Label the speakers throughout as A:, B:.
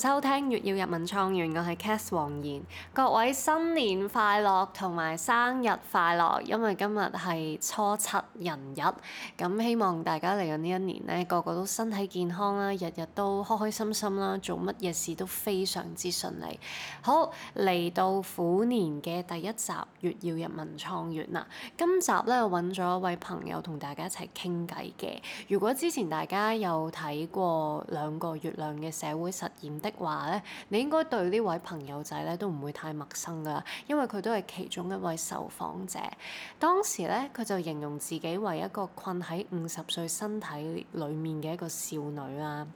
A: 收聽月曜日文創園》，我係 Cath 王燕，各位新年快樂同埋生日快樂，因為今日係初七人日，咁希望大家嚟緊呢一年咧，個個都身體健康啦，日日都開開心心啦，做乜嘢事都非常之順利。好，嚟到虎年嘅第一集《月曜日文創園》啦，今集咧揾咗一位朋友同大家一齊傾偈嘅。如果之前大家有睇過兩個月亮嘅社會實驗的話咧，你應該對呢位朋友仔咧都唔會太陌生噶喇，因為佢都係其中一位受訪者。當時咧，佢就形容自己為一個困喺五十歲身體裡面嘅一個少女啊。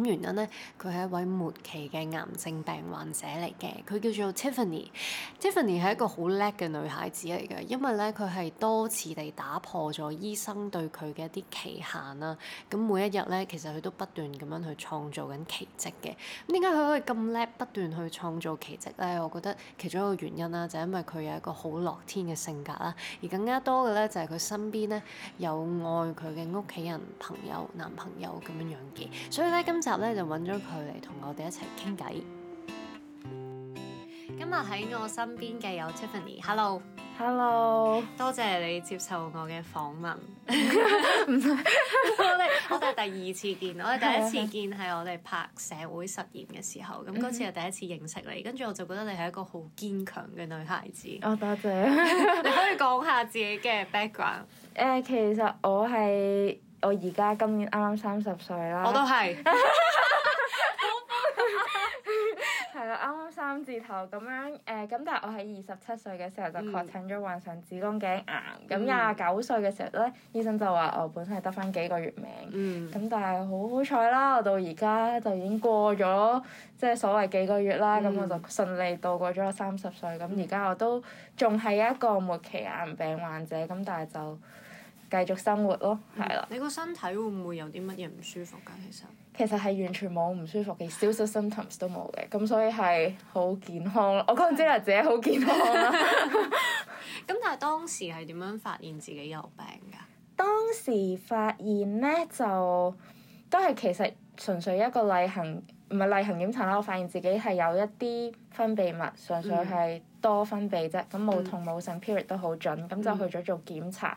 A: 咁原因咧，佢係一位末期嘅癌症病患者嚟嘅。佢叫做 Tiffany，Tiffany 係一個好叻嘅女孩子嚟嘅。因為咧，佢係多次地打破咗醫生對佢嘅一啲期限啦。咁每一日咧，其實佢都不斷咁樣去創造緊奇蹟嘅。咁點解佢可以咁叻，不斷去創造奇蹟咧？我覺得其中一個原因啦，就係因為佢有一個好樂天嘅性格啦。而更加多嘅咧，就係佢身邊咧有愛佢嘅屋企人、朋友、男朋友咁樣樣嘅。所以咧，今集。就揾咗佢嚟同我哋一齊傾偈。今日喺我身邊嘅有 Tiffany，Hello，Hello，Hello. 多謝你接受我嘅訪問。唔係 是， 我哋第二次見， 我哋第一次見係我哋拍社會實驗嘅時候，咁嗰 次係第一次認識你，跟住我就覺得你係一個好堅強嘅女孩子。
B: 哦，多謝。你可以
A: 講下自己嘅 background。誒
B: ，uh, 其實我係。我而家今年啱啱三十歲啦，我都係，好棒！係啦，啱啱三字頭咁樣，誒、呃、咁，但係我喺二十七歲嘅時候就確診咗患上子宮頸癌，咁廿九歲嘅時候呢，醫生就話我本身係得翻幾個月命，咁、嗯、但係好好彩啦，我到而家就已經過咗即係所謂幾個月啦，咁、嗯、我就順利度過咗三十歲，咁而家我都仲係一個末期癌病患者，咁但係就。.繼續生活咯，
A: 係啦。你個身體會唔會有啲乜嘢唔舒服㗎？
B: 其實其實係完全冇唔舒服嘅，消失 symptoms 都冇嘅，咁所以係好健康囉。我講真啦，自己好健康
A: 啦。咁 但係當時係點樣發現自己有病
B: 㗎？當時發現咧，就都係其實純粹一個例行唔係例行檢查啦。我發現自己係有一啲分泌物，純粹係多分泌啫，咁冇、嗯、痛冇性 period 都好準，咁就去咗做檢查。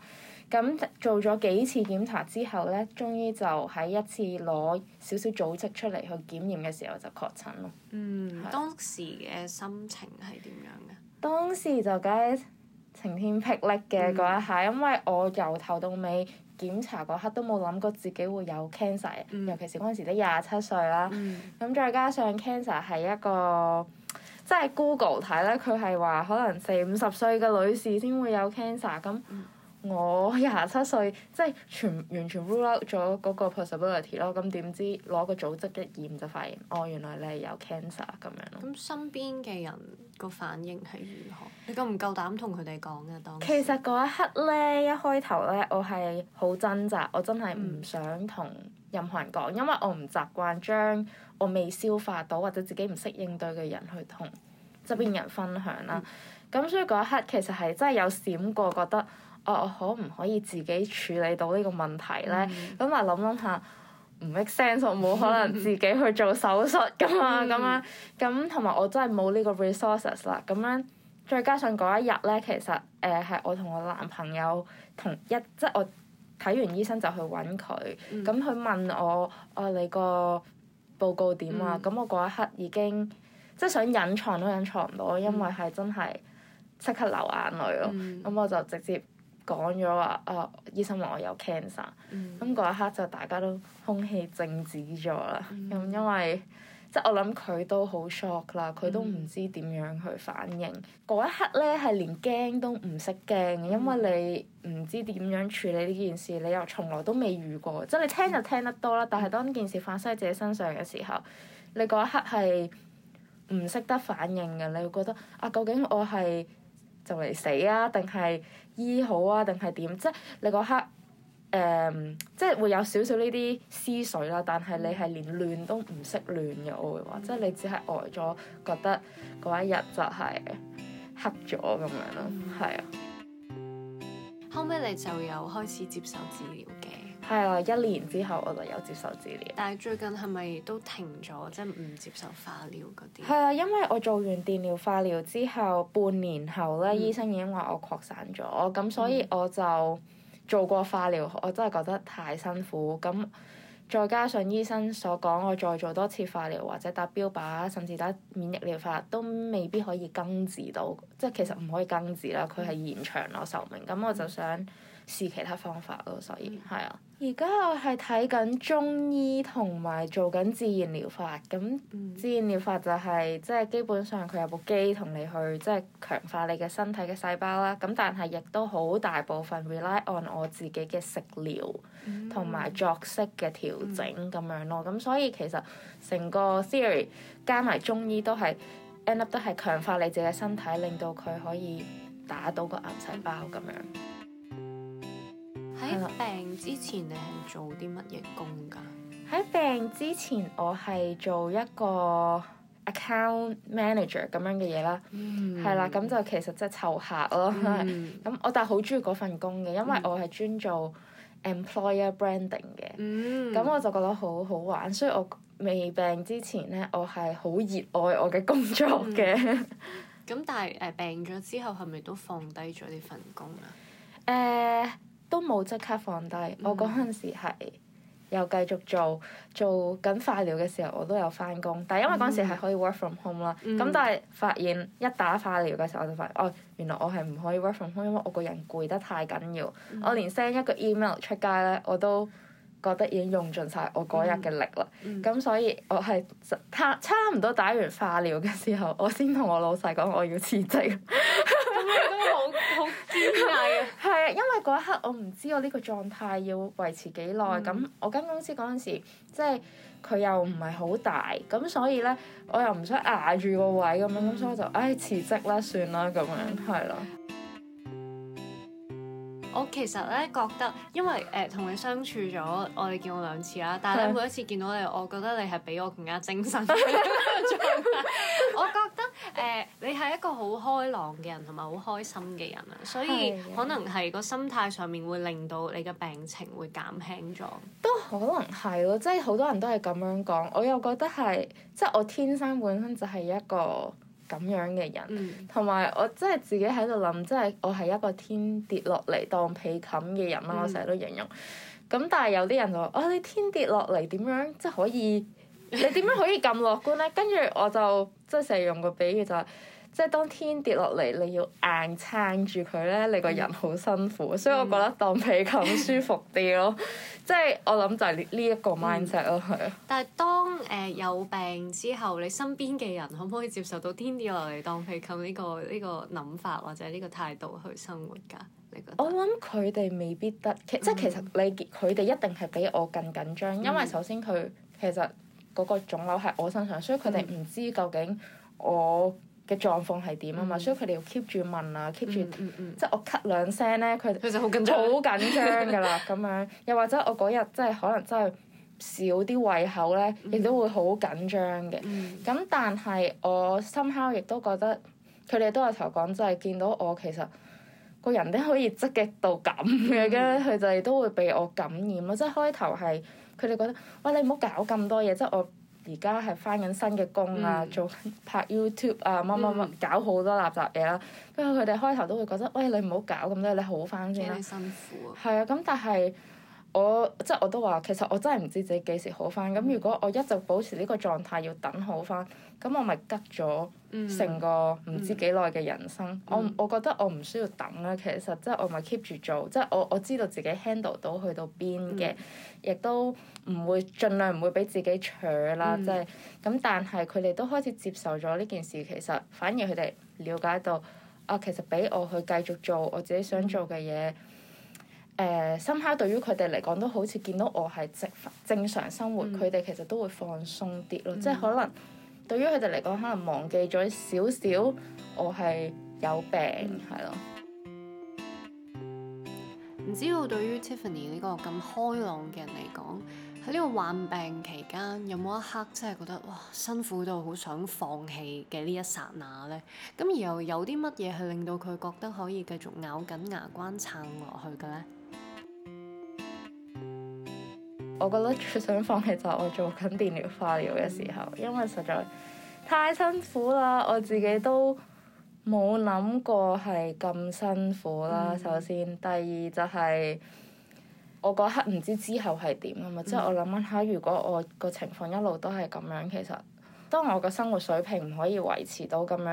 B: 咁做咗幾次檢查之後咧，終於就喺一次攞少少組織出嚟去檢驗嘅時候就確診咯。嗯，
A: 是當時嘅心情係點樣
B: 嘅？當時就梗係晴天霹靂嘅嗰一下，嗯、因為我由頭到尾檢查嗰刻都冇諗過自己會有 cancer，、嗯、尤其是嗰陣時都廿七歲啦。咁、嗯、再加上 cancer 係一個，即、就、係、是、Google 睇咧，佢係話可能四五十歲嘅女士先會有 cancer 咁。嗯。我廿七歲，即係全完全 rule out 咗嗰個 possibility 咯。咁 點樂知攞個組織一驗就發
A: 現，哦，原來你係有 cancer 咁樣。咁身邊嘅人個反應係如何？ 你夠唔夠膽同佢哋講呢，當時？
B: 其實嗰一刻咧，一開頭咧，我係好掙扎，我真係唔想同任何人講，嗯、因為我唔習慣將我未消化到或者自己唔識應對嘅人去同側邊人分享啦。咁、嗯嗯、所以嗰一刻其實係真係有閃過覺得。我、哦、我可唔可以自己處理到呢個問題咧？咁嚟諗諗下，唔 make sense 我冇可能自己去做手術噶嘛？咁樣咁同埋我真係冇呢個 resources 啦。咁樣再加上嗰一日咧，其實誒係、呃、我同我男朋友同一即我睇完醫生就去揾佢。咁佢、mm hmm. 問我：哦、啊，你個報告點啊？咁、mm hmm. 我嗰一刻已經即係想隱藏都隱藏唔到，因為係真係即刻流眼淚咯。咁、mm hmm. 我就直接，講咗話啊，醫生話我有 cancer，咁嗰一刻就大家都空氣靜止咗啦。咁、嗯、因為即我諗佢都好 shock 啦，佢都唔知點樣去反應。嗰、嗯、一刻咧係連驚都唔識驚，嗯、因為你唔知點樣處理呢件事，你又從來都未遇過。即、嗯、你聽就聽得多啦，但係當件事發生喺自己身上嘅時候，你嗰一刻係唔識得反應嘅，你會覺得啊，究竟我係？就嚟死啊？定係醫好啊？定係點？即係你嗰刻誒、嗯，即係會有少少呢啲思緒啦。但係你係連亂都唔識亂嘅，我會話，即係你只係呆咗，覺得嗰一日就係黑咗咁、嗯、樣咯，
A: 係啊。後尾你就有開始接受治療？係啊，一年之後我就有接受治療。但係最近係咪都停咗，即係唔接受化療
B: 嗰啲？係啊，因為我做完電療化療之後半年後咧，嗯、醫生已經話我擴散咗，咁所以我就做過化療，我真係覺得太辛苦。咁再加上醫生所講，我再做多次化療或者打標靶，甚至打免疫療法，都未必可以根治到，嗯、即係其實唔可以根治啦，佢係延長我壽命。咁我就想試其他方法咯，所以係啊。嗯而家我係睇緊中醫同埋做緊自然療法，咁自然療法就係、是嗯、即係基本上佢有部機同你去即係、就是、強化你嘅身體嘅細胞啦。咁但係亦都好大部分 rely on 我自己嘅食療同埋、嗯、作息嘅調整咁、嗯、樣咯。咁所以其實成個 theory 加埋中醫都係 end up 都係強化你自己嘅身體，令到佢
A: 可以打到個癌細胞咁樣。喺病之前，你係做
B: 啲乜嘢工噶？喺病之前，我係做一個 account manager 咁樣嘅嘢啦，係、嗯、啦，咁就其實即係湊客咯。咁、嗯、 我但係好中意嗰份工嘅，因為我係專做 employer branding 嘅，咁、嗯、我就覺得好好玩。所以我未病之前咧，我係好熱愛我嘅工作嘅。
A: 咁、嗯、但係誒病咗之後，係咪都放低咗呢份工
B: 啊？誒、呃。都冇即刻放低，我嗰陣時係又繼續做做緊化療嘅時候，我都有翻工，但係因為嗰陣時係可以 work from home 啦、嗯，咁但係發現一打化療嘅時候，我就發現哦，原來我係唔可以 work from home，因為我個人攰得太緊要，嗯、我連 send 一個 email 出街呢，我都覺得已經用盡晒我嗰日嘅力啦。咁、嗯嗯、所以我，我係差差唔多打完化療嘅時候，我先同我老細講我要辭職。 咁都好好堅毅啊！係啊，因為嗰一刻我唔知我呢個狀態要維持幾耐，咁、嗯、我間公司嗰陣時即係佢又唔係好大，咁所以呢，我又唔想捱住個位咁、嗯、樣，咁所以我就唉辭職啦算啦咁樣，係啦。
A: 我其實呢，覺得，因為誒同、呃、你相處咗，我哋見過兩次啦，但係每一次見到你，的我覺得你係比我更加精神。 我覺。誒、呃，你係一個好開朗嘅人同埋好開心嘅人啊，所以可能係個心態上面會令到你嘅病情會減輕咗。
B: 都可能係咯，即係好多人都係咁樣講。我又覺得係，即係我天生本身就係一個咁樣嘅人，同埋、嗯、我真係自己喺度諗，即係我係一個天跌落嚟當被冚嘅人啦。嗯、我成日都形容。咁但係有啲人就話：，啊、哦，你天跌落嚟點樣，即係可以？ 你點樣可以咁樂觀咧？跟住我就即係成日用個比喻、就係，就係即係當天跌落嚟，你要硬撐住佢咧。你個人好辛苦，嗯、所以我覺得當被冚舒服啲咯。嗯、即係我諗就係呢一個 mindset 咯，係啊、嗯。
A: 但係當誒、呃、有病之後，你身邊嘅人可唔可以接受到天跌落嚟當被冚呢個呢、呢個諗法或者呢個態度去生活㗎？你覺得
B: 我諗佢哋未必得，嗯、即係其實你佢哋一定係比我更緊張，因為首先佢其實，嗰個腫瘤喺我身上，所以佢哋唔知究竟我嘅狀況係點啊嘛，嗯、所以佢哋要 keep 住問啊，keep 住，嗯嗯嗯、即係我咳兩聲咧，佢就好緊張，好緊張噶啦，咁 樣。又或者我嗰日真係可能真係少啲胃口咧，亦、嗯、都會好緊張嘅。咁、嗯、但係我心口亦都覺得，佢哋都有頭講，真係見到我其實個人都可以積極到咁嘅，咁佢哋都會被我感染咯。即係開頭係。佢哋覺得，喂，你唔好搞咁多嘢，即係我而家係翻緊新嘅工啊，嗯、做拍 YouTube 啊，乜乜乜，嗯、搞好多垃圾嘢啦。跟住佢哋開頭都會覺得，喂，你唔好搞咁多嘢，你好翻先啦。幾辛苦啊？係啊，咁、啊、但係。我即係我都話，其實我真係唔知自己幾時好翻。咁、嗯、如果我一直保持呢個狀態，要等好翻，咁我咪吉咗成個唔知幾耐嘅人生。嗯嗯、我我覺得我唔需要等啦。其實即係我咪 keep 住做，即係我我知道自己 handle 到去到邊嘅，亦、嗯、都唔會盡量唔會俾自己挫啦。即係咁，咁、但係佢哋都開始接受咗呢件事。其實反而佢哋了解到啊，其實俾我去繼續做我自己想做嘅嘢。誒，深刻、呃、對於佢哋嚟講，都好似見到我係正正常生活，佢哋、嗯、其實都會放鬆啲咯。嗯、即係可能對於佢哋嚟講，可能忘記咗少少我係有病，係咯、嗯。
A: 唔了知道對於 Tiffany 呢個咁開朗嘅人嚟講，喺呢個患病期間，有冇一刻真係覺得哇辛苦到好想放棄嘅呢一剎那咧？咁然後有啲乜嘢係令到佢覺得可以繼續咬緊牙關撐落去嘅咧？我覺得最想放棄就係我做緊電療化療嘅時候，
B: 因為實在太辛苦啦，我自己都冇諗過係咁辛苦啦。嗯、首先，第二就係、是、我嗰刻唔知之後係點啊嘛，即係、嗯、我諗下，如果我個情況一路都係咁樣，其實當我個生活水平唔可以維持到咁樣，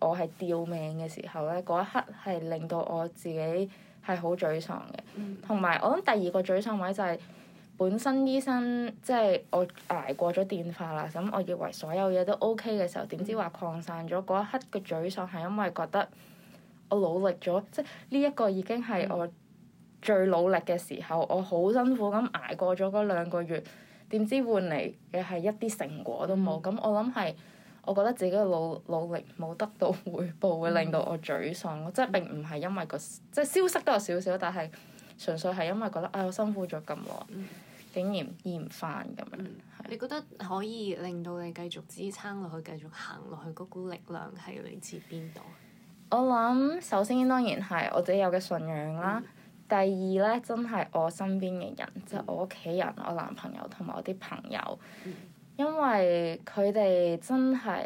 B: 而我係吊命嘅時候咧，嗰一刻係令到我自己係好沮喪嘅。同埋、嗯、我諗第二個沮喪位就係、是。本身醫生即係、就是、我捱過咗電話啦，咁我以為所有嘢都 O K 嘅時候，點知話擴散咗，嗰一刻嘅沮喪係因為覺得我努力咗，即係呢一個已經係我最努力嘅時候，我好辛苦咁捱過咗嗰兩個月，點知換嚟嘅係一啲成果都冇，咁、嗯、我諗係我覺得自己嘅努努力冇得到回報，會令到我沮喪。我、嗯、即係並唔係因為、那個即係消失得有少少，但係純粹係因為覺得啊、哎，我辛苦咗咁耐。嗯竟然驗返咁
A: 樣，嗯、是你覺得可以令到你繼續支撐落去、繼續行落去嗰股力量係來自邊度？
B: 我諗首先當然係我自己有嘅信仰啦。嗯、第二咧，真係我身邊嘅人，即係、嗯、我屋企人、我男朋友同埋我啲朋友，嗯、因為佢哋真係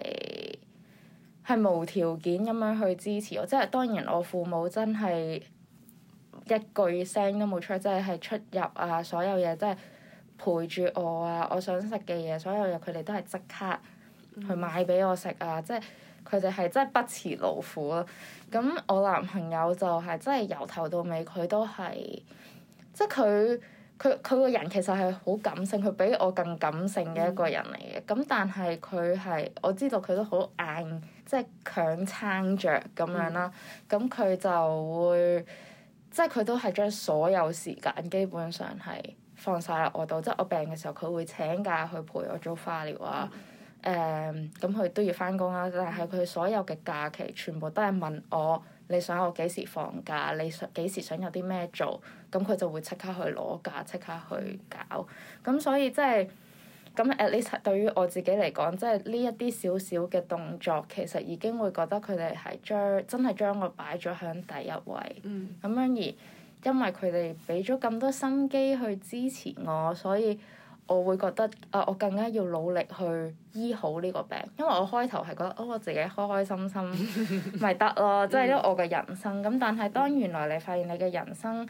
B: 係無條件咁樣去支持我。即、就、係、是、當然我父母真係一句聲都冇出，即係係出入啊，所有嘢真係。陪住我啊！我想食嘅嘢，所有嘢佢哋都係即刻去買俾我食啊！嗯、即係佢哋係真係不辭勞苦咯。咁我男朋友就係真係由頭到尾，佢都係，即係佢佢佢個人其實係好感性，佢比我更感性嘅一個人嚟嘅。咁、嗯、但係佢係，我知道佢都好硬，即係強撐着咁樣啦。咁佢、嗯、就會，即係佢都係將所有時間基本上係。放晒落我度，即係我病嘅時候，佢會請假去陪我做化療啊。誒、mm. 嗯，咁佢都要翻工啦，但係佢所有嘅假期全部都係問我你想我幾時放假，你想幾時想有啲咩做，咁佢就會即刻去攞假，即刻去搞。咁所以即係咁，at least 對於我自己嚟講，即係呢一啲少少嘅動作，其實已經會覺得佢哋係將真係將我擺咗喺第一位。咁、mm. 樣而。因為佢哋俾咗咁多心機去支持我，所以我會覺得啊、呃，我更加要努力去醫好呢個病。因為我開頭係覺得哦，我自己開開心心咪得咯，即係因為我嘅人生。咁但係當原來你發現你嘅人生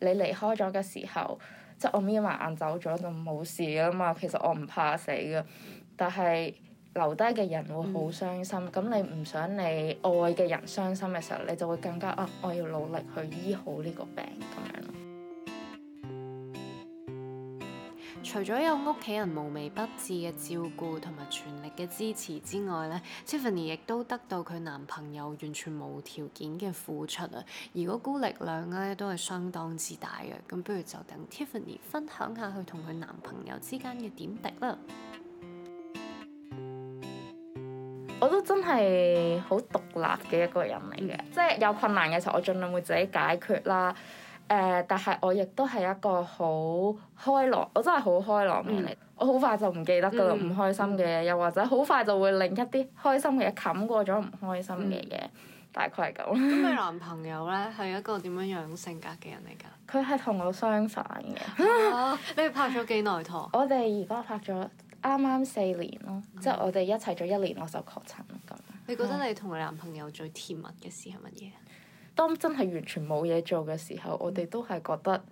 B: 你離開咗嘅時候，即係、嗯、我眯埋眼走咗就冇事啊嘛。其實我唔怕死噶，但係。留低嘅人會好傷心，咁、嗯、你唔想你愛嘅人傷心嘅時候，你就
A: 會更加啊！我要努力去醫好呢個病咁樣。除咗有屋企人無微不至嘅照顧同埋全力嘅支持之外呢 Tiffany 亦都得到佢男朋友完全無條件嘅付出啊！如果孤力量呢都係相當之大嘅，咁不如就等 Tiffany 分享下佢同佢男朋友之間嘅點滴啦。
B: 我都真係好獨立嘅一個人嚟嘅，即係有困難嘅時候，我盡量會自己解決啦。誒、呃，但係我亦都係一個好開朗，我真係好開朗嘅人嚟。嗯、我好快就唔記得㗎喇，唔開心嘅嘢，嗯嗯、又或者好快就會令一啲開心嘅嘢冚過咗唔開心嘅嘢。嗯、大概係咁。咁你男
A: 朋友呢係一個點樣樣性格嘅人嚟
B: 㗎？佢係同我相反嘅，
A: 哦。 你拍咗幾耐拖？
B: 我哋而家拍咗。啱啱四年咯，mm hmm. 即係我哋一齊咗一年，我就確診咁。
A: 你覺得你同你男朋友最甜蜜嘅事係乜嘢？
B: 當真係完全冇嘢做嘅時候，mm hmm. 我哋都係覺得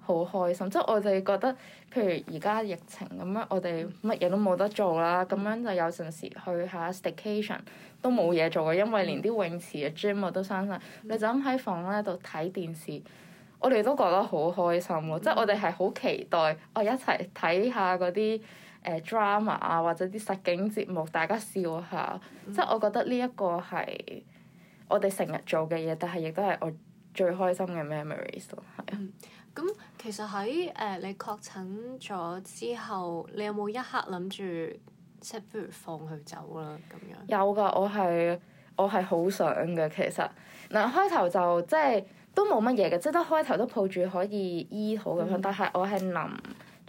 B: 好開心。Mm hmm. 即係我哋覺得，譬如而家疫情咁樣，我哋乜嘢都冇得做啦。咁樣就有陣時去下 staycation 都冇嘢做嘅，因為連啲泳池啊 gy、gym 都閂曬，hmm. 你就咁喺房咧度睇電視。我哋都覺得好開心咯，mm hmm. 即係我哋係好期待我一齊睇下嗰啲。誒、uh, drama 啊，或者啲實景節目，大家笑下，嗯、即係我覺得呢一個係我哋成日做嘅嘢，但係亦都係我最開心嘅 memories 咯，係啊、嗯。
A: 咁其實喺誒、呃、你確診咗之後，你有冇一刻諗住即係不如放佢走啦咁
B: 樣？有㗎，我係我係好想嘅。其實嗱開頭就即係都冇乜嘢嘅，即係都即開頭都抱住可以醫好咁樣，嗯、但係我係諗。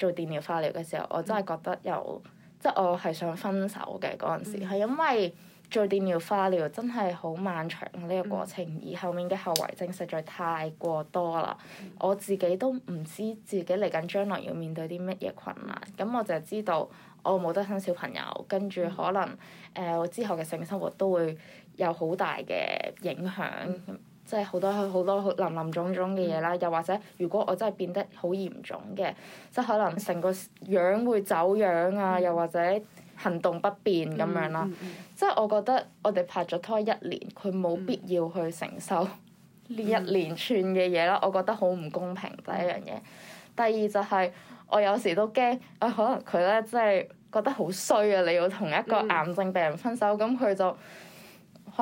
B: 做電療化療嘅時候，我真係覺得有，嗯、即我係想分手嘅嗰陣時，係、嗯、因為做電療化療真係好漫長呢個過程，嗯、而後面嘅後遺症實在太過多啦，嗯、我自己都唔知自己嚟緊將來要面對啲乜嘢困難。咁我就知道我冇得生小朋友，跟住可能誒、呃、我之後嘅性生活都會有好大嘅影響。嗯嗯。即係好多好多很林林種種嘅嘢啦，嗯、又或者如果我真係變得好嚴重嘅，嗯、即係可能成個樣會走樣啊，嗯、又或者行動不便咁樣啦。嗯嗯、即係我覺得我哋拍咗拖一年，佢冇必要去承受呢一連串嘅嘢啦。我覺得好唔公平，第一樣嘢。第二就係我有時都驚、啊，可能佢咧即係覺得好衰啊！你要同一個癌症病人分手，咁佢、嗯嗯、就～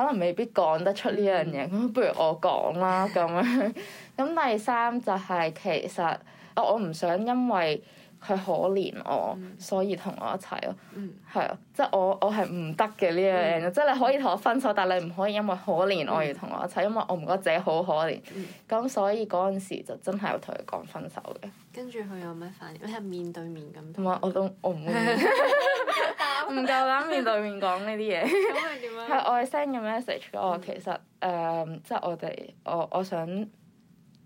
B: 可能未必講得出呢樣嘢，咁不如我講啦咁樣咁 第三就係其實、哦、我我唔想因為。佢可憐我，所以同我一齊咯。係啊，即係我我係唔得嘅呢樣嘢。即係你可以同我分手，但係你唔可以因為可憐我而同我一齊，因為我唔覺得自己好可憐。咁所以嗰陣時就真係有同佢講分手嘅。
A: 跟
B: 住佢有咩反應？你係面對
A: 面咁。同係，我都我唔。唔夠膽面對面講呢啲嘢。咁係點啊？係
B: 我係 send 個 message，我其實誒，即係我哋我我想。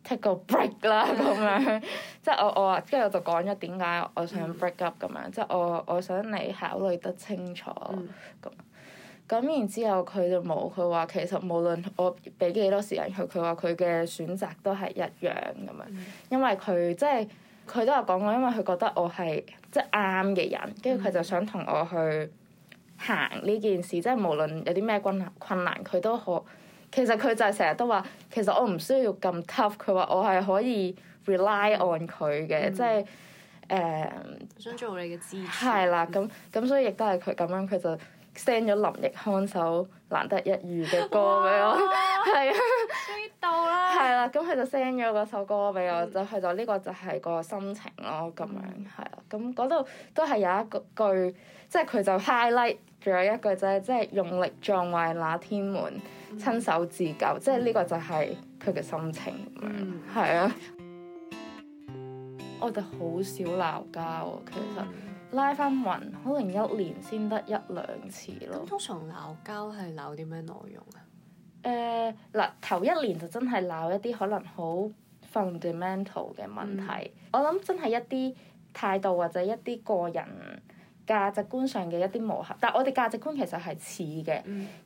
B: take 個 break 啦，咁 樣，即係我我話，跟住我就講咗點解我想 break up 咁、嗯、樣，即係我我想你考慮得清楚咁。咁、嗯、然之後佢就冇，佢話其實無論我俾幾多時間佢，佢話佢嘅選擇都係一樣咁樣、嗯因，因為佢即係佢都有講過，因為佢覺得我係即係啱嘅人，跟住佢就想同我去行呢件事，嗯、即係無論有啲咩困難，困難佢都可。其實佢就係成日都話，其實我唔需要咁 tough，佢話我係可以 rely on 佢嘅，即係誒。就是 uh, 想做你嘅支柱。係啦，咁咁所以亦都係佢咁樣，佢就 send 咗林奕匡首難得一遇嘅歌俾我，係啊哇。 的知道啦。係啦， 咁佢就 send 咗嗰首歌俾我，嗯、就係就呢、呢個就係個心情咯，咁、嗯、樣係啊，咁嗰度都係有一句，即係佢就，是、就 highlight。仲有一句就係，即係用力撞壞那天門，嗯、親手自救，嗯、即係呢個就係佢嘅心情咁樣。係、嗯、啊，我哋好少鬧交，其實拉勻可能一年先得一兩次咯。通常鬧交係鬧啲咩內容啊？誒嗱、呃，頭一年就真係鬧一啲可能好 fundamental 嘅問題。嗯、我諗真係一啲態度或者一啲個人。價值觀上嘅一啲磨合，但係我哋價值觀其實係似嘅，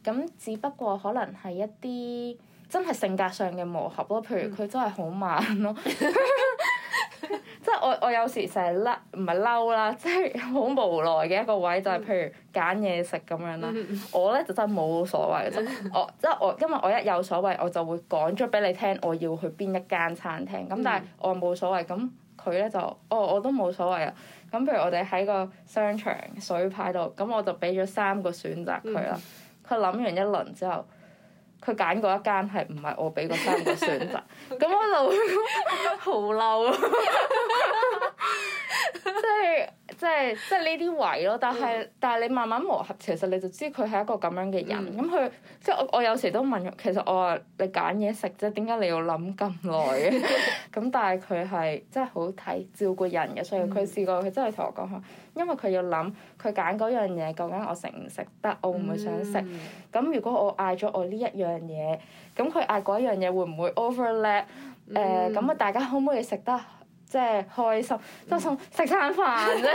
B: 咁、嗯、只不過可能係一啲真係性格上嘅磨合咯。譬如佢真係好慢咯，即係我我有時成日甩唔係嬲啦，即係好無奈嘅一個位就係、是、譬如揀嘢食咁樣啦。嗯、我咧就真係冇所謂，即係我即係我，因為我一有所謂我就會講咗俾你聽我要去邊一間餐廳。咁但係我冇所謂，咁佢咧就哦我都冇所謂啊。咁譬如我哋喺個商場水牌度，咁我就俾咗三個選擇佢啦。佢諗、嗯、完一輪之後，佢揀嗰一間係唔係我俾嗰三個選擇？咁 我就好嬲，即係。即係即係呢啲位咯，但係、嗯、但係你慢慢磨合，其實你就知佢係一個咁樣嘅人。咁佢、嗯、即係我我有時都問，其實我話你揀嘢食即係點解你要諗咁耐嘅？咁 但係佢係即係好睇照顧人嘅，所以佢試過佢真係同我講話，因為佢要諗佢揀嗰樣嘢，究竟我食唔食得，我會唔會想食？咁、嗯、如果我嗌咗我呢一樣嘢，咁佢嗌嗰一樣嘢會唔會 overlap？誒咁啊、嗯呃，大家可唔可以食得？即係開心，嗯、即係 想食餐飯啫，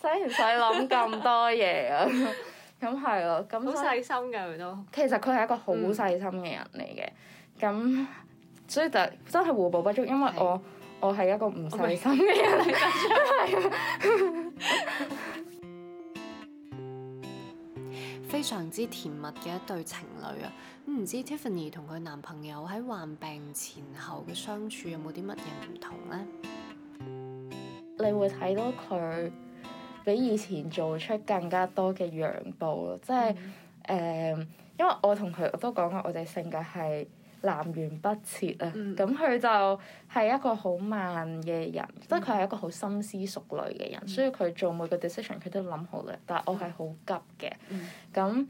B: 使唔使諗咁多嘢啊？咁係咯，咁好細心嘅佢都其實佢係一個好細心嘅人嚟嘅，咁、嗯、那所以就係、真係互補不足，是因為我是我係一個唔細心嘅人。嚟
A: 非常之甜蜜嘅一對情侶啊！咁唔知 Tiffany 同佢男朋友喺患病前後嘅相處有冇啲乜嘢唔同咧？
B: 你會睇到佢比以前做出更加多嘅讓步咯，即係誒，因為我同佢都講過，我哋性格係。南轅北轍啊！咁佢、嗯、就係一個好慢嘅人，嗯、即係佢係一個好深思熟慮嘅人，嗯、所以佢做每個 decision 佢都諗好嘅。嗯、但係我係好急嘅，咁、嗯。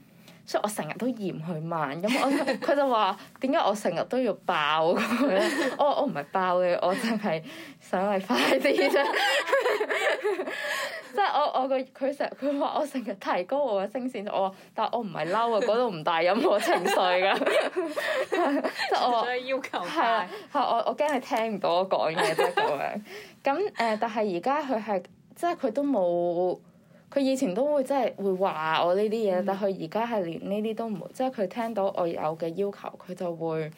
B: 所以我成日都嫌佢慢，咁我佢就話點解我成日都要爆佢咧？ 我我唔係爆嘅，我淨係想你快啲啫。 即係我我個佢成日，佢話我成日提高我嘅聲線，我話，但我唔係嬲啊，嗰度唔大有我情緒噶。 即我係要求快。係，我我驚你聽唔到我講嘢啫咁樣。咁誒、呃，但係而家佢係即係佢都冇。佢以前都會真係會話我呢啲嘢，嗯、但佢而家係連呢啲都唔會。即係佢聽到我有嘅要求，佢就會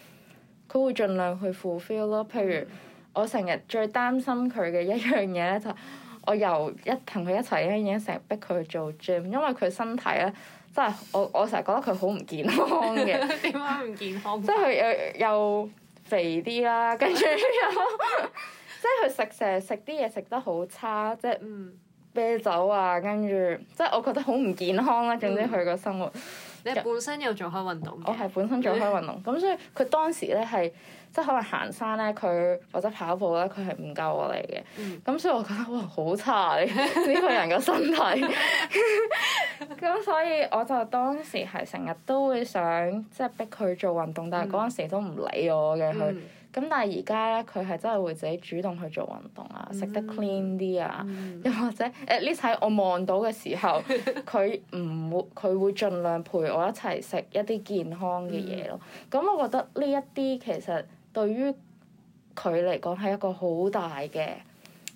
B: 佢會盡量去 fulfill 咯。譬如我成日最擔心佢嘅一樣嘢咧，就是、我由一同佢一齊已經，成日逼佢去做 gym，因為佢身體咧真係我我成日覺得佢好唔健康嘅。點解唔健康？即係佢又又肥啲啦，跟住 又即係佢食成日食啲嘢食得好差，即係嗯。啤酒啊，跟住即係我覺得好唔健康啦。總之佢個生活，
A: 嗯、你本身有做開運，運動，我係本身做開運動，咁
B: 所以佢當時咧係即係可能行山咧，佢或者跑步咧，佢係唔夠我嚟嘅。咁、嗯、所以我覺得哇，好差啊，呢個 人個身體，咁 所以我就當時係成日都會想即係、就是、逼佢做運動，但係嗰陣時都唔理我嘅佢。嗯嗯咁但係而家咧，佢係真係會自己主動去做運動啊，嗯、食得 clean 啲啊，又、嗯、或者誒 at least 我望到嘅時候，佢唔會佢會盡量陪我一齊食一啲健康嘅嘢咯。咁、嗯、我覺得呢一啲其實對於佢嚟講係一個好大嘅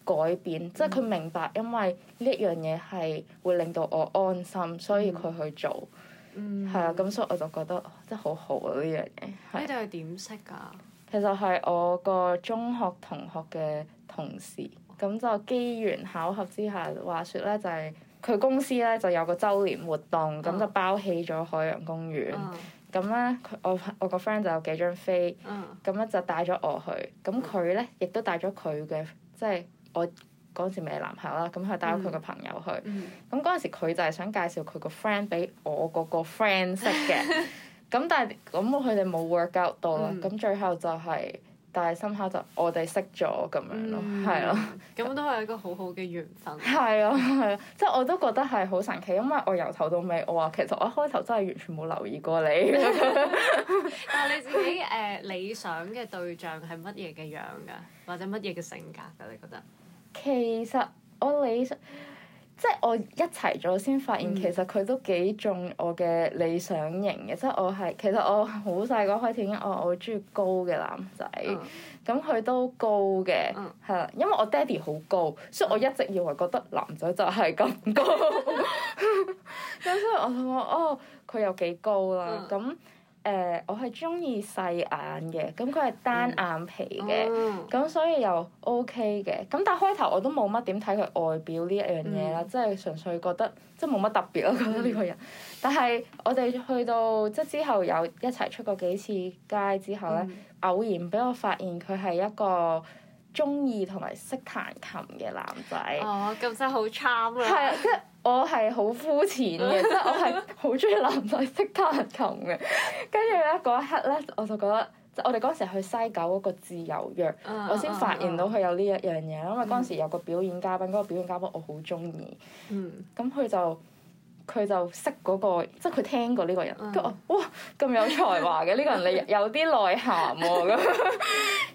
B: 改變，即係佢明白因為呢一樣嘢係會令到我安心，所以佢去做。嗯，係啊，咁所以我就覺得真係好好啊，呢樣嘢。嗯、
A: 你哋係點識㗎？
B: 其實係我個中學同學嘅同事，咁就機緣巧合之下，話說咧就係、是、佢公司咧就有個周年活動，咁、oh. 就包起咗海洋公園。咁咧、oh.，我我個 friend 就有幾張飛，咁咧、oh. 就帶咗我去。咁佢咧亦都帶咗佢嘅，即、就、係、是、我嗰陣時未男朋友啦，咁佢帶咗佢個朋友去。咁嗰陣時佢就係想介紹佢個 friend 俾我嗰個 friend 識嘅。 咁但係咁，佢哋冇 work out 到啦、嗯。咁最後就係、係，但係深刻就我哋識咗咁樣咯，係咯、嗯。咁都係一
A: 個好好嘅緣分。 係啊
B: 係啊，即係我都覺得係好神奇，因為我由頭到尾我，我話其實我一開頭真係完全冇留意過你。
A: 但係你自己誒理想嘅對象係乜嘢嘅樣㗎？或者乜嘢嘅性格㗎？你覺得？
B: 其實我理想。即係我一齊咗先發現其、嗯是是，其實佢都幾中我嘅理想型嘅。即係我係其實我好細個開始，已經我我中意高嘅男仔。咁佢都高嘅，係啦、嗯，因為我爹哋好高，所以我一直以為覺得男仔就係咁高。咁所以我話哦，佢有幾高啦？咁。嗯誒、呃，我係中意細眼嘅，咁佢係單眼皮嘅，咁、嗯、所以又 OK 嘅。咁但係開頭我都冇乜點睇佢外表呢一樣嘢啦，嗯、即係純粹覺得即冇乜特別咯、啊，覺得呢個人。嗯、但係我哋去到即係之後有一齊出過幾次街之後咧，嗯、偶然俾我發現佢係一個。中意同埋識彈琴嘅男仔，哦
A: 咁真係好慘啦！係啊， 即係
B: 我係好膚淺嘅，即係 我係好中意男仔識彈琴嘅。跟住咧，嗰一刻咧，我就覺得，即係我哋嗰陣時去西九嗰個自由約，uh, uh, uh, uh. 我先發現到佢有呢一樣嘢，因為嗰陣時有個表演嘉賓，嗰、mm hmm. 個表演嘉賓我好中意，咁佢、mm hmm. 就。佢就識嗰、那個，即係佢聽過呢個人。跟住、嗯、哇，咁有才華嘅呢 個人，你有啲內涵喎。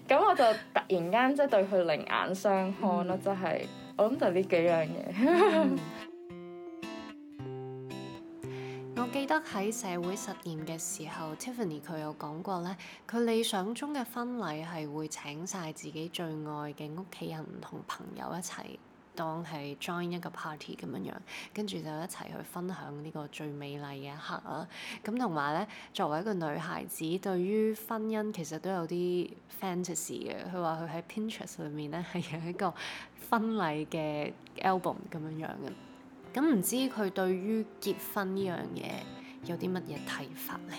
B: 咁， 我就突然間即係對佢另眼相
A: 看咯。真係、嗯就係、我諗就呢幾樣嘢。嗯、 我記得喺社會實驗嘅時候 ，Tiffany 佢有講過咧，佢理想中嘅婚禮係會請晒自己最愛嘅屋企人同朋友一齊。當係 join 一個 party 咁樣樣，跟住就一齊去分享呢個最美麗嘅一刻啦。咁同埋咧，作為一個女孩子，對於婚姻其實都有啲 fantasy 嘅。佢話佢喺 Pinterest 裏面咧係有一個婚禮嘅 album 咁樣樣嘅。咁唔知佢對於結婚呢樣嘢有啲乜嘢睇法咧？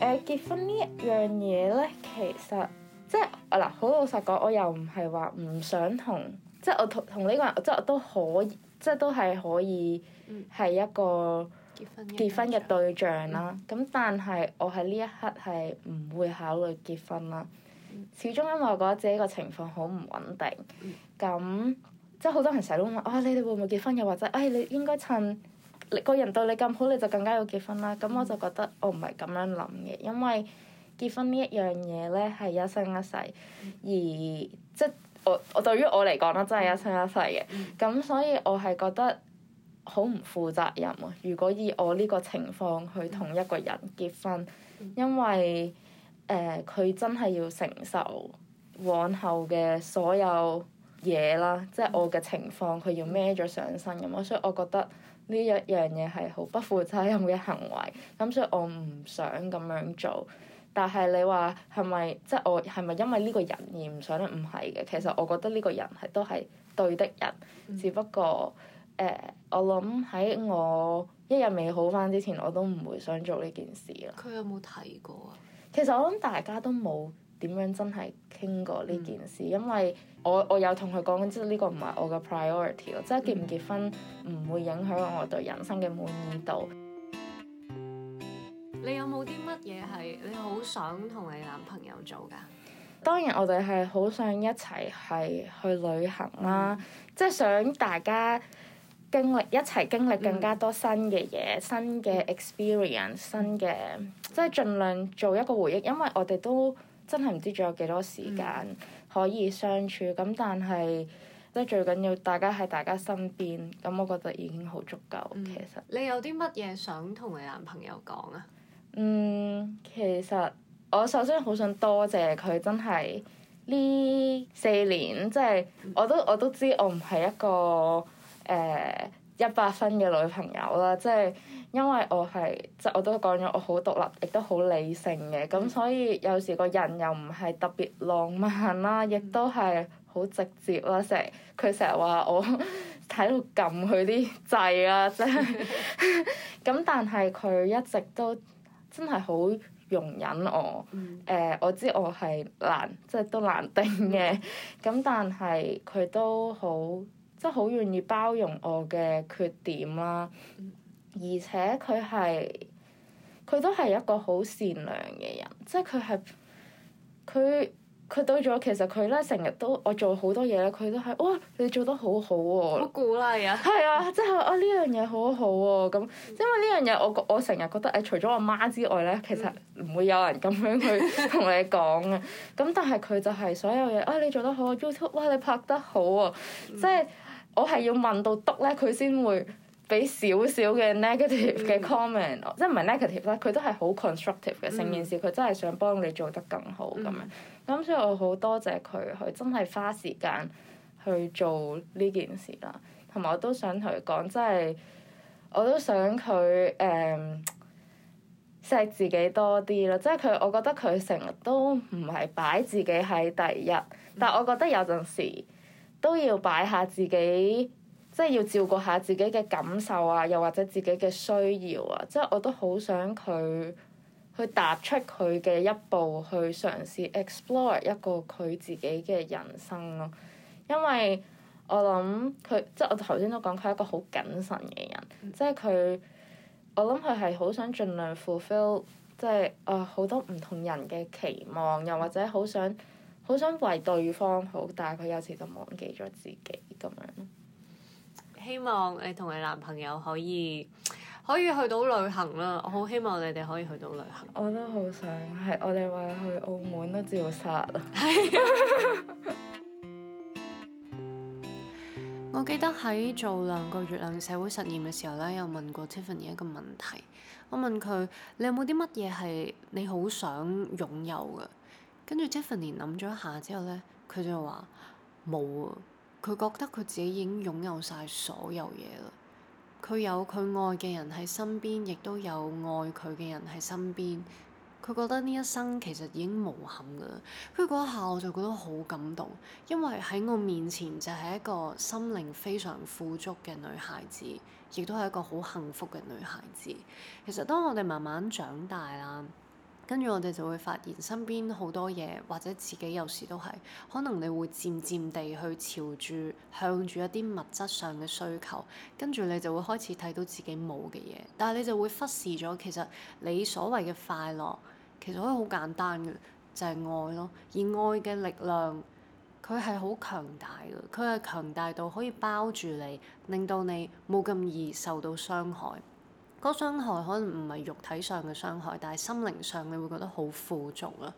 A: 誒，uh, 結婚呢樣嘢咧，其實～即係啊嗱，好老實講，我
B: 又唔係話唔想同，即係我同同呢個人，即係我都可以，即係都係可以係一個
A: 結婚嘅對
B: 象啦。咁、嗯嗯、但係我喺呢一刻係唔會考慮結婚啦。嗯、始終因為我覺得自己個情況好唔穩定，咁、嗯、即係好多人成日都問啊、哦，你哋會唔會結婚？又或者誒、哎，你應該趁你個人對你咁好，你就更加要結婚啦。咁、嗯、我就覺得我唔係咁樣諗嘅，因為，結婚呢一樣嘢咧係一生一世，嗯、而即我我對於我嚟講啦，真係一生一世嘅，咁、嗯、所以我係覺得好唔負責任喎。如果以我呢個情況去同一個人結婚，嗯、因為誒佢、呃、真係要承受往後嘅所有嘢啦，嗯、即係我嘅情況，佢要孭咗上身咁咯，所以我覺得呢一樣嘢係好不負責任嘅行為，咁所以我唔想咁樣做。但係你話係咪即係我係咪因為呢個人而唔想？唔係嘅，其實我覺得呢個人係都係對的人，嗯、只不過誒、呃，我諗喺我一日未好翻之前，我都唔會想做呢件事啦。
A: 佢有冇提過啊？
B: 其實我諗大家都冇點樣真係傾過呢件事，嗯、因為我我有同佢講緊，即係呢個唔係我嘅 priority 咯，即係結唔結婚唔會影響我對人生嘅滿意度。
A: 你有冇啲乜嘢係你好想同你男朋友做噶？
B: 當然，我哋係好想一齊係去旅行啦、啊，嗯、即係想大家經歷一齊經歷更加多新嘅嘢、新嘅 experience、新嘅，即係盡量做一個回憶。因為我哋都真係唔知仲有幾多時間可以相處，咁、嗯、但係即係最緊要大家喺大家身邊，咁我覺得已經好足夠。嗯、其實
A: 你有啲乜嘢想同你男朋友講啊？
B: 嗯，其實我首先好想多謝佢，真係呢四年，即係我都我都知我唔係一個誒一百分嘅女朋友啦，即係因為我係即我都講咗，我好獨立，亦都好理性嘅，咁所以有時個人又唔係特別浪漫啦，亦都係好直接啦，成佢成日話我喺度撳佢啲掣啦，真係，咁但係佢一直都。真係好容忍我，誒、嗯呃、我知我係難，即係都難定嘅。咁、嗯、但係佢都好，即係好願意包容我嘅缺點啦。嗯、而且佢係，佢都係一個好善良嘅人，即係佢係佢。佢到咗，其實佢咧成日都我做好多嘢咧，佢都係哇你做得好好喎，好鼓勵啊！係啊，即係啊呢樣嘢好好喎，咁因為呢樣嘢我我成日覺得誒，除咗我媽媽之外咧，其實唔會有人咁樣去同你講嘅，咁但係佢就係所有嘢啊，你做得好啊 YouTube 哇你拍得好啊，即係，嗯，我係要問到得咧佢先會。俾少少嘅 negative 嘅、嗯、comment，即係唔係 negative 啦，佢都係好 constructive 嘅成件事，佢真係想幫你做得更好咁樣。咁、嗯、所以我好多謝佢，佢真係花時間去做呢件事啦。同埋我都想同佢講，即係我都想佢誒錫自己多啲咯。即係佢，我覺得佢成日都唔係擺自己喺第一，嗯、但係我覺得有陣時都要擺下自己。即係要照顧下自己嘅感受啊，又或者自己嘅需要啊，即係我都好想佢去踏出佢嘅一步，去嘗試 explore 一個佢自己嘅人生咯啊。因為我諗佢即係我頭先都講佢係一個好謹慎嘅人，嗯、即係佢我諗佢係好想盡量 fulfill 即係、啊、呃、好多唔同人嘅期望，又或者好想好想為對方好，但係佢有時就忘記咗自己咁樣。
A: 希望你同你男朋友可以可以去到旅行啦！我好希望你哋可以去到旅行。我都好想，係我哋話去澳門都照要殺啦。係啊！ 我記得喺做兩個月亮社會實驗嘅時候咧，有問過 Tiffany 一個問題。我問佢你有冇啲乜嘢係你好想擁有嘅？跟住 Tiffany 諗咗一下之後咧，佢就話冇啊。佢覺得佢自己已經擁有晒所有嘢啦。佢有佢愛嘅人喺身邊，亦都有愛佢嘅人喺身邊。佢覺得呢一生其實已經無憾噶啦。佢嗰下我就覺得好感動，因為喺我面前就係一個心靈非常富足嘅女孩子，亦都係一個好幸福嘅女孩子。其實當我哋慢慢長大啦。跟住我哋就會發現，身邊好多嘢，或者自己有時都係，可能你會漸漸地去朝住、向住一啲物質上嘅需求，跟住你就會開始睇到自己冇嘅嘢，但係你就會忽視咗，其實你所謂嘅快樂，其實可以好簡單嘅，就係愛咯。而愛嘅力量，佢係好強大嘅，佢係強大到可以包住你，令到你冇咁易受到傷害。嗰傷害可能唔係肉體上嘅傷害，但係心靈上你會覺得好富足。啊！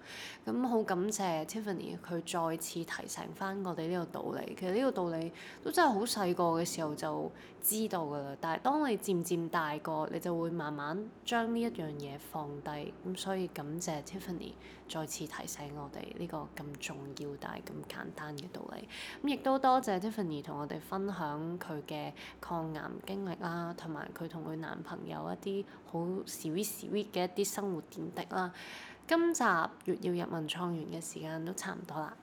A: 咁好感謝 Tiffany，佢再次提醒翻我哋呢個道理。其實呢個道理都真係好細個嘅時候就知道㗎啦。但係當你漸漸大個，你就會慢慢將呢一樣嘢放低。咁所以感謝 Tiffany 再次提醒我哋呢個咁重要但係咁簡單嘅道理。咁亦都多謝 Tiffany 同我哋分享佢嘅抗癌經歷啦，同埋佢同佢男朋友。有一啲好 sweet sweet 嘅一啲生活點滴啦。今集月曜日文創園嘅時間都差唔多啦。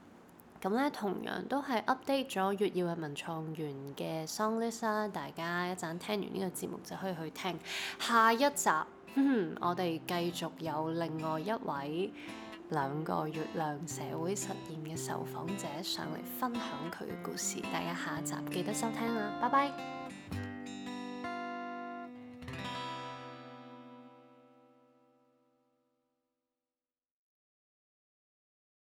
A: 咁咧同樣都係 update 咗月曜日文創園嘅 song list 啦。大家一陣聽完呢個節目就可以去聽下一集。嗯、我哋繼續有另外一位兩個月亮社會實驗嘅受訪者上嚟分享佢嘅故事。大家下集記得收聽啦。拜拜。